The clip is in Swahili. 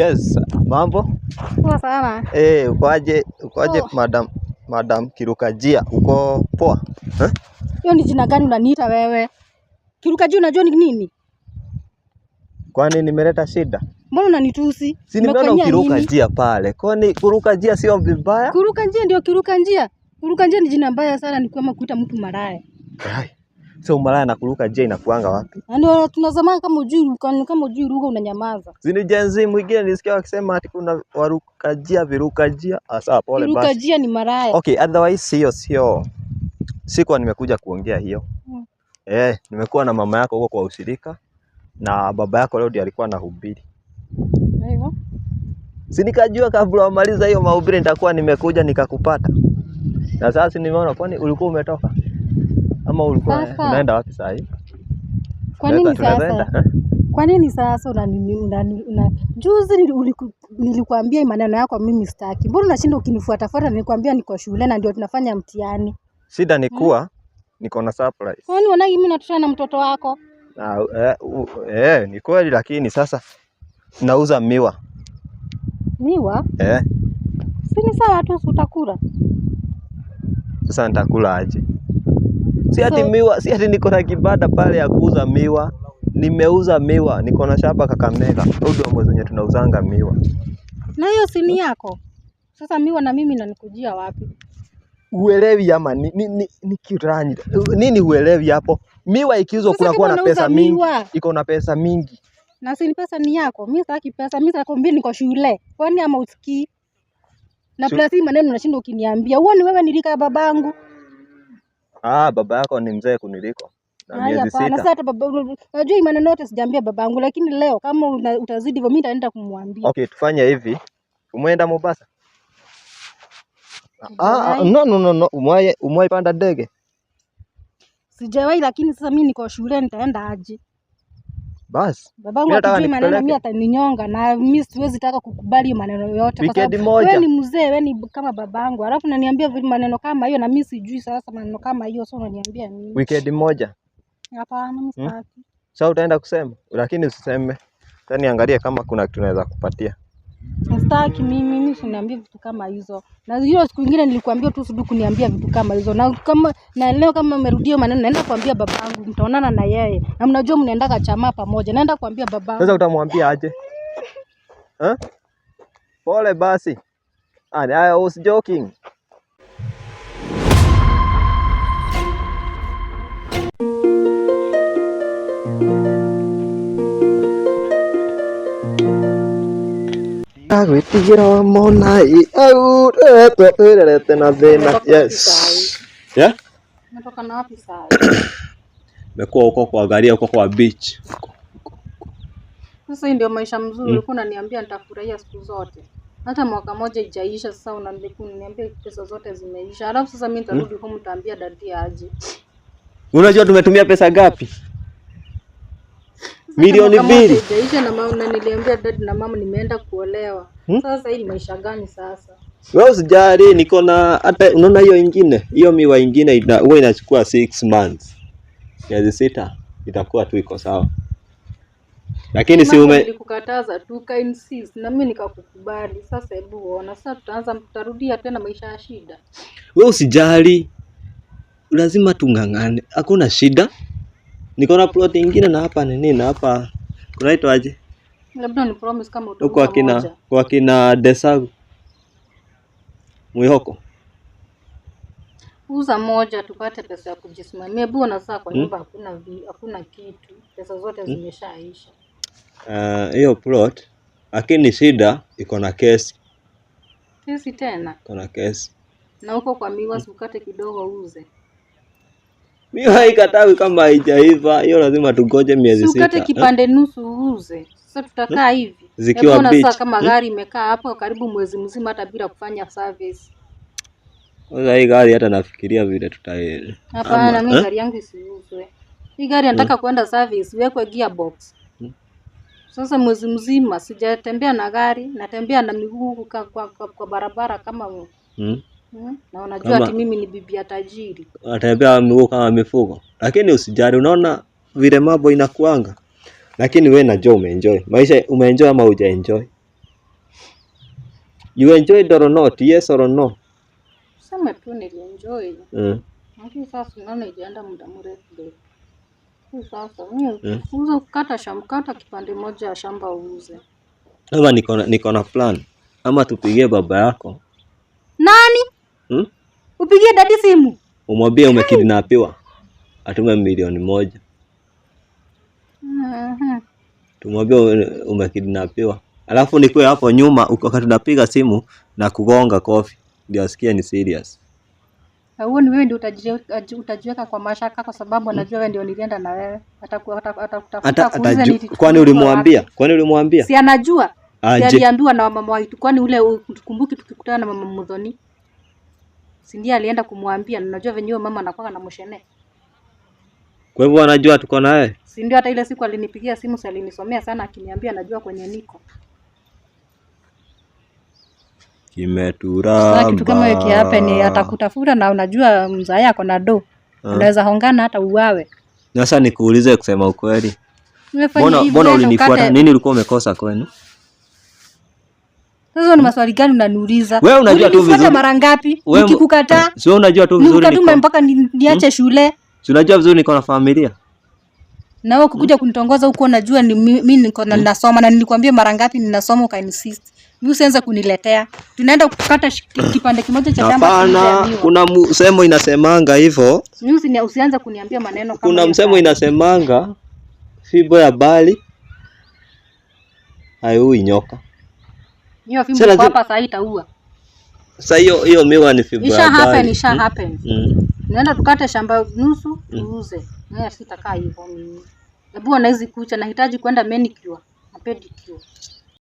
Yes, mambo poa sana. Eh, ukoaje? Ukoaje oh. madam, madam Kirukajia, uko poa hiyo eh? Ni jina gani unaniita wewe? Kirukajia unajua ni nini? Kwani nimeleta shida? Mbona unanitusi? Si nimeona ukiruka njia pale. Kwani kuruka njia sio vibaya? Kuruka njia ndio kiruka njia. Kuruka njia ni jina mbaya sana, ni kama kuita mtu maraya. Hai. Sasa umalaya na kuruka je, inakuanga wapi? Ndio tunazama kama ujui kama ujui ruka unanyamaza. Zini jenzi mwingine nisikia wakisema ati kuna warukajia virukajia. Asa ah, pole basi. Virukajia ni maraya. Okay, otherwise hiyo sio. Sikuwa nimekuja kuongea hiyo. Hmm. Eh, nimekuwa na mama yako huko kwa ushirika na baba yako leo ndiye alikuwa anahubiri. Hivyo. Si nikajua kabla wamaliza hiyo mahubiri nitakuwa nimekuja nikakupata. Na sasa nimeona kwani ulikuwa umetoka? ama ulikuwa unaenda wapi saa hii? Kwa nini sasa? Kwa nini sasa una juzi nilikuambia maneno yako mimi sitaki. Mbona unashinda ukinifuatafuata? Nilikwambia niko shule na ndio tunafanya mtihani. Shida ni hmm? kuwa niko na surprise. Kwani unaona mimi natoshana na mtoto wako? Eh, eh, ni kweli lakini sasa nauza miwa. Miwa? Eh. Sini sawa tu utakula. Sasa nitakula aje? Si ati miwa, si ati niko na kibada pale ya kuuza miwa. Nimeuza miwa, niko na shamba Kakamega. Huu ndio mwezi wenye tunauzanga miwa. Na hiyo sini yako. Sasa miwa na mimi nanikujia wapi? Uelewi ama ni, ni, ni, ni kirani Nini uelewi hapo? Miwa ikiuzwa kuna kuwa na pesa mingi. Iko na pesa mingi. Na si ni pesa ni yako. Mimi sitaki pesa, mimi sitaki mimi niko shule. Kwani ama usikii? Na plasi maneno unashinda ukiniambia. Huoni wewe nilika babangu? Ah, baba yako ni mzee kuniliko na miezi baba Unajua yote sijaambia yangu, lakini leo kama una- utazidi hivyo, mi nitaenda kumwambia. Okay, tufanye hivi, umeenda Mombasa? Ah, ah, no, no, no, no. Umwaye, umwaye panda ndege Sijawahi, lakini sasa mi niko shule, nitaenda aje? Basi babangu hatujui maneno, mimi ataninyonga na mimi siwezi taka kukubali maneno yote, kwa sababu wewe ni mzee, wewe ni kama babangu, alafu unaniambia maneno kama hiyo, na mimi sijui. Sasa maneno kama hiyo, sio unaniambia nini? Weekend moja? Hapana, mimi hmm? sitaki. Sasa utaenda kusema, lakini usiseme, taniangalie kama kuna kitu naweza kupatia na staki mimi mimi usiniambie vitu kama hizo na hiyo siku ingine nilikuambia tu usidu kuniambia vitu kama hizo na kama na leo kama umerudia maneno naenda kuambia babangu mtaonana na yeye na mnajua mnaenda kachama pamoja naenda kuambia babangu sasa utamwambia aje eh pole basi ah, I was oh, joking ndagwĩtigĩra mona au tũretwo twĩrerete na thĩna mekuwa huko kuangalia huko kwa beach. Sasa ndio maisha mzuri, ulikuwa hmm. unaniambia nitafurahia siku zote hata mwaka moja ijaisha. Sasa unaniambia pesa zote zimeisha, alafu sasa mimi nitarudi huko, hmm. mtaambia dadi aje. Unajua tumetumia pesa ngapi? milioni mbili. na mama nimeenda kuolewa. Hmm? Sasa hii ni maisha gani Wewe usijali, niko na hata unaona hiyo ingine hiyo miwa ingine ina, huwa inachukua six months, miezi sita itakuwa tu iko sawa, lakini si ume kukataza tu ka insist na mimi nikakukubali. Sasa hebu ona, sasa tutaanza tutarudia tena maisha ya shida. Wewe usijali, lazima tung'ang'ane, hakuna shida na plot nyingine na hapa ni nini hapa kunaitwaje? Labda ni promise kama utakuwa kwa kina kwa kina Desagu. Mwihoko. Uza moja tupate pesa ya kujisimamia. Bwana na saa kwa hmm? nyumba hakuna hakuna kitu. Pesa zote hmm? zimeshaisha. Uh, hiyo plot lakini shida iko na kesi. Kesi tena. Iko na kesi. Na huko kwa miwa hmm? kidogo uze. Mimi haikatawi kama haijaiva, hiyo lazima tungoje miezi sita. Ukate eh? kipande nusu uuze. Sasa tutakaa hmm? hivi. Zikiwa bichi. Sasa kama hmm? gari imekaa hapo karibu mwezi mzima hata bila kufanya service. Sasa hii gari hata nafikiria vile tutaenda. Hapana, mimi eh? gari yangu isiuzwe. Hii gari nataka hmm? kwenda service, iwekwe gearbox. Sasa mwezi mzima sijatembea na gari, natembea na miguu kwa, kwa, kwa, kwa barabara kama hmm? Hmm? Na wanajua ati mimi ni bibi ya tajiri. Atembea miguu kama mifugo. Lakini usijali, unaona vile mambo inakuanga. Lakini wewe najua umeenjoy. Maisha umeenjoy ama hujaenjoy? You enjoy it or not? Yes or no? Sema tu nilienjoy. Mm. Lakini sasa unaona ijaenda muda mrefu bado. Sasa mimi mm. kukata shamkata kipande moja ya shamba uuze. Ama niko na plan. Ama tupigie baba yako. Nani? hmm? Upigie dadi simu umwambie umekidnapiwa atume milioni moja. uh-huh. Tumwambie umekidnapiwa, alafu nikuwe hapo nyuma wakati tunapiga simu na kugonga kofi, ndio asikie ni serious. Huo ni wewe ndio utajiweka kwa mashaka, kwa sababu anajua wewe ndio nilienda na wewe. Kwani ulimwambia? Kwani ulimwambia? Si anajua, si aliambiwa na mama waitu. Kwani ule, ukumbuki, tukikutana na mama Mudhoni Si ndiye alienda kumwambia, najua venye huyo mama anakuwa mshene. Kwa hivyo anajua tuko naye. Si ndio hata ile siku alinipigia simu, si alinisomea sana akiniambia anajua kwenye niko. Kimeturamba. Sasa kitu kama hiyo kiape ni atakutafuta na unajua mzaa yako na do. Ah. Unaweza hongana hata uwawe. Sasa nikuulize kusema ukweli. Mbona mbona ulinifuata? Nini ulikuwa umekosa kwenu? Sasa ni maswali gani unaniuliza? Wewe unajua tu vizuri. Unafanya Mara ngapi? Nikikukataa. Sio unajua tu vizuri. Nikukatuma mpaka niache hmm? shule. Si unajua vizuri niko na familia. Na wewe ukikuja hmm? kunitongoza huko unajua ni mimi niko na ninasoma hmm? na nilikwambia mara ngapi ninasoma uka insist. Mimi usianze kuniletea. Tunaenda kukata kipande kimoja cha damu. Hapana, kuna msemo inasemanga hivyo. Mimi usianze kuniambia maneno kama. Kuna msemo inasemanga fibo ya bali hayo inyoka hiyo fimbo iko hapa sasa, itaua sasa. Hiyo hiyo miwa ni fimbo isha happen, isha mm. happen. Mm. Naenda tukate shamba nusu tuuze. Mm. Naye sitakaa hivyo mimi. Hebu na hizi kucha, nahitaji kwenda manicure na pedicure.